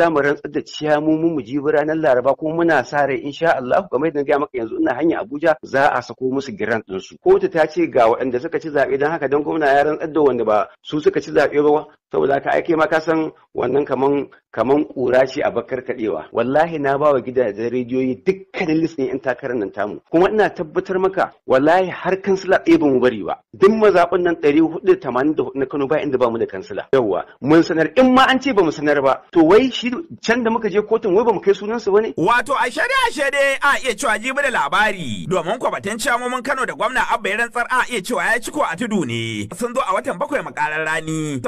za mu rantsar da ciya mu jibi ranar Laraba kuma muna sa rai insha Allah kamar yadda na maka yanzu ina hanya Abuja za a sako musu giran ɗinsu. Kotu ta ce ga waɗanda suka ci zaɓe don haka don gwamna ya rantsar da wanda ba su suka ci zaɓe ba saboda ka ai ma ka san wannan kaman kaman kura ce a bakar kadewa wallahi na bawa gidajen rediyoyi dukkanin listin yan takarar nan tamu kuma ina tabbatar maka wallahi har kansila ɗaya ba mu bari ba duk mazaɓin nan ɗari na Kano ba inda ba mu da kansila yawwa mun sanar in ma an ce ba mu sanar ba to wai shi can da muka je kotun wai ba mu kai sunan su bane wato a shade a a iya cewa jibi da labari domin kwabatan camomin Kano da gwamna Abba ya tsar a iya cewa ya ciko a tudu ne sun zo a watan bakwai makarar rani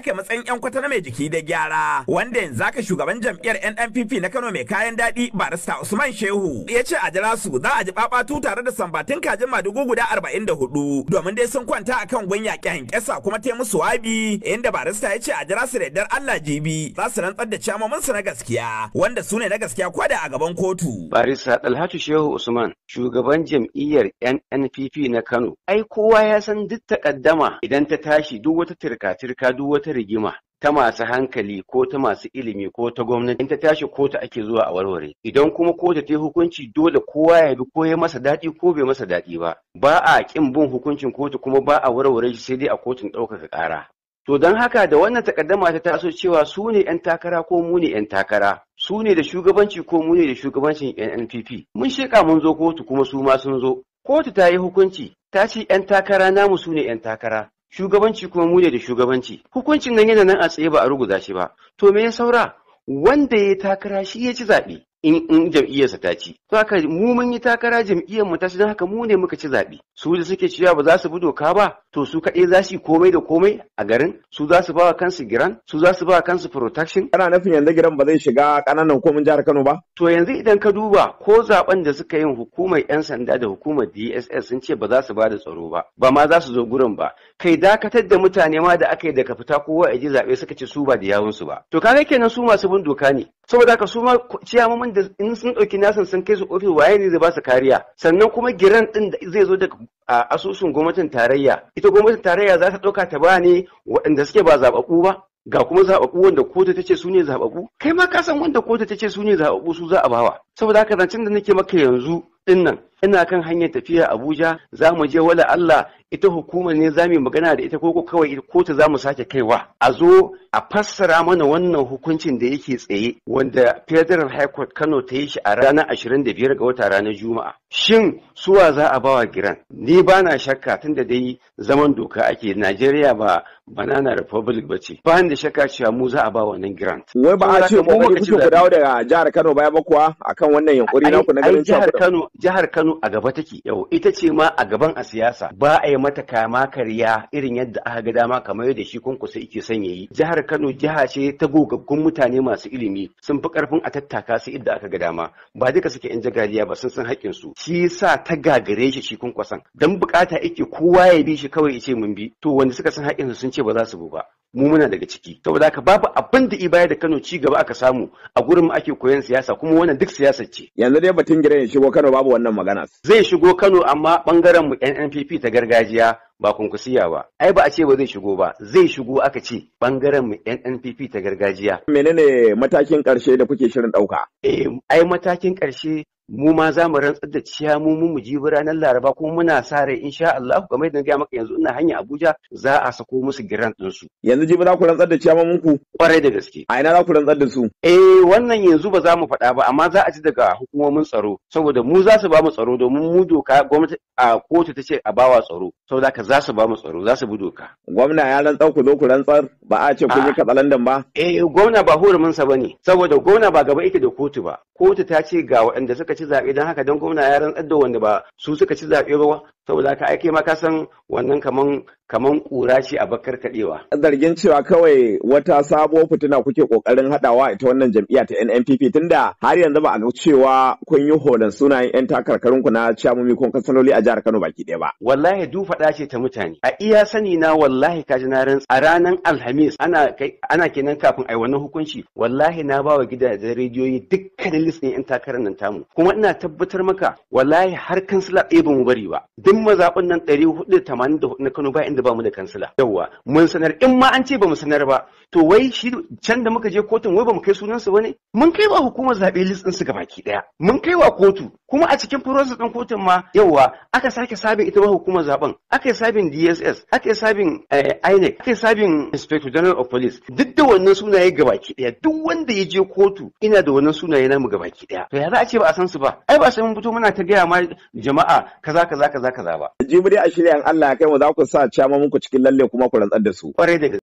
ake matsayin yan kwata na mai jiki da gyara wanda yanzu aka shugaban jam'iyyar NNPP na Kano mai kayan daɗi barista Usman Shehu ya ce a jira su za a ji babatu tare da sambatin kajin madugu guda 44 domin dai sun kwanta akan gwan yaƙi hankesa kuma te musu wabi inda barista ya ce a jira su da Allah jibi za su rantsar da mun su na gaskiya wanda su ne na gaskiya da a gaban kotu. Barista Dalhatu Shehu Usman shugaban jam'iyyar NNPP na Kano ai kowa ya san duk takaddama idan ta tashi duk wata tirka-tirka duk wata wata rigima ta masu hankali ko ta masu ilimi ko ta gwamnati in ta tashi kotu ake zuwa a warware idan kuma kotu ta yi hukunci dole kowa ya bi ko ya masa daɗi ko bai masa daɗi ba ba a ƙin bin hukuncin kotu kuma ba a warware shi sai dai a kotun ɗaukaka ƙara to don haka da wannan takaddama ta taso cewa su ne 'yan takara ko mu ne 'yan takara su ne da shugabanci ko mu ne da shugabancin NNPP mun sheƙa mun zo kotu kuma su ma sun zo kotu ta yi hukunci ta ce 'yan takara namu su ne 'yan takara shugabanci kuma mu da shugabanci hukuncin nan yana nan a tsaye ba a ruguza shi ba to me ya saura wanda ya takara shi ya ci zaɓe in in jam'iyyarsa ta ci to haka mu mun yi takara jam'iyyar mu ta ci don haka mu ne muka ci zaɓe su da suke cewa ba za su bi doka ba to su kad'ai za su komai da komai a garin su za su ba kansu giran su za su ba kansu protection kana nufin yanzu giran ba zai shiga ƙananan komin jihar Kano ba to yanzu idan ka duba ko zaben da suka yin hukumar 'yan sanda da hukumar DSS sun ce ba za su ba da tsaro ba ba ma za su zo gurin ba kai dakatar da mutane ma da aka yi daga fita kowa ya ji zaɓe suka ci su ba da yawunsu ba to kaga kenan su masu bin doka ne saboda haka su ma ciyamomin da in sun ɗauki nasan sun kai su ofis waye ne zai ba su kariya sannan kuma giran ɗin da zai zo daga asusun gwamnatin tarayya ita gwamnatin tarayya za ta ɗauka ta ba ne waɗanda suke ba zaɓaɓɓu ba ga kuma zaɓaɓɓu wanda kotu ta ce su ne zaɓaɓɓu kai ma ka san wanda kotu ta ce su ne zaɓaɓɓu su za a bawa saboda haka zancen da nake maka yanzu ɗin ina kan hanyar tafiya Abuja za mu je wala Allah ita hukumar ne za mu magana da ita ko kawai kotu za mu sake kaiwa a zo a fassara mana wannan hukuncin da yake tsaye wanda federal high court kano ta yi shi a ranar 25 ga wata ranar juma'a shin suwa za a bawa giran ni ba na shakka tun da dai zaman doka ake najeriya ba banana republic ba ce ba da shakka cewa mu za a ba wannan grant wai ba a ce mu ba ku dawo daga jihar kano baya ba kuwa akan wannan yunkuri na ku na ganin jihar kano jihar kano Kano a gaba take yau ita ce ma a gaban a siyasa ba a yi mata kama karya irin yadda aka ga dama kamar yadda shi kunkusa yake son yi. jihar Kano jiha ce ta gogaggun mutane masu ilimi sun fi karfin a tattaka su idda aka ga dama ba duka suke yan jagaliya ba sun san haƙƙin su shi sa ta gagare shi shi kunkwasan dan bukata yake kowa ya bi shi kawai ya ce mun bi to wanda suka san haƙƙin su sun ce ba za su bu ba mu muna daga ciki saboda haka babu abin da ibaya da Kano ci gaba aka samu a gurin mu ake koyan siyasa kuma wannan duk siyasa ce yanzu dai batun gire ya shigo Kano babu wannan magana zai shigo Kano amma bangaren mu NNPP ta gargajiya ba kunkusiya ba ai ba a ce ba zai shigo ba zai shigo aka ce bangaren mu NNPP ta gargajiya menene matakin karshe da kuke shirin dauka eh ai matakin karshe mu ma za mu rantsar da ciya mu mu ji ranar laraba kuma muna sa rai insha Allah kamar yadda ga maka yanzu ina hanya Abuja za a sako musu giran din su yanzu jibi za ku rantsar da ciya mun ku kwarai da gaske a ina za ku rantsar da su eh wannan yanzu ba za mu faɗa ba amma za a ji daga hukumomin tsaro saboda mu za su ba mu tsaro domin mu doka gwamnati a kotu ta ce a bawa tsaro saboda ka za su ba mu tsaro za su bi doka gwamna ya rantsar ku zo ku rantsar ba a ce kun yi katsalandan ba eh gwamna ba hurumin sa bane saboda gwamna ba gaba yake da kotu ba kotu ta ce ga waɗanda suka ci zaɓe don haka don gwamna ya rantsar da wanda ba su suka ci zaɓe ba saboda ka ai kai ma ka san wannan kaman kamar ƙura ce a bakar kaɗewa. Zargin cewa kawai wata sabuwar fitina kuke ƙoƙarin haɗawa ita wannan jam'iyya ta NNPP tunda har yanzu ba a ga cewa kun yi holan sunayen 'yan takarkarun ku na ciyamomi ko a jihar Kano baki ɗaya ba. Wallahi du faɗa ce ta mutane. A iya sani na wallahi kaji na rantsa a ranar Alhamis ana ana kenan kafin ai wannan hukunci wallahi na bawa gidajen rediyoyi dukkanin listin 'yan takarar nan tamu kuma ina tabbatar maka wallahi har kansila ɗaya ba mu bari ba. Duk mazaɓin nan 484 na Kano ba inda da ba mu da kansila Yawwa mun sanar in ma an ce ba mu sanar ba to wai shi can da muka je kotun wai ba mu kai sunan su bane mun kai wa hukumar zabe list din su gabaki daya mun kai wa kotu kuma a cikin process din kotun ma yawwa aka sake sabin ita ba hukumar zaben aka yi sabin DSS aka yi sabin eh, INEC aka yi sabin Inspector General of Police duk da wannan sunaye gabaki daya duk wanda ya je kotu ina da wannan sunaye na mu gabaki daya to ya za a ce ba a san su ba ai ba sai mun fito muna ta gaya ma jama'a kaza kaza kaza kaza ba jibi dai a shirya Allah kai mu za ku sa kama muku cikin lalle kuma ku rantsar da su. Kwarai da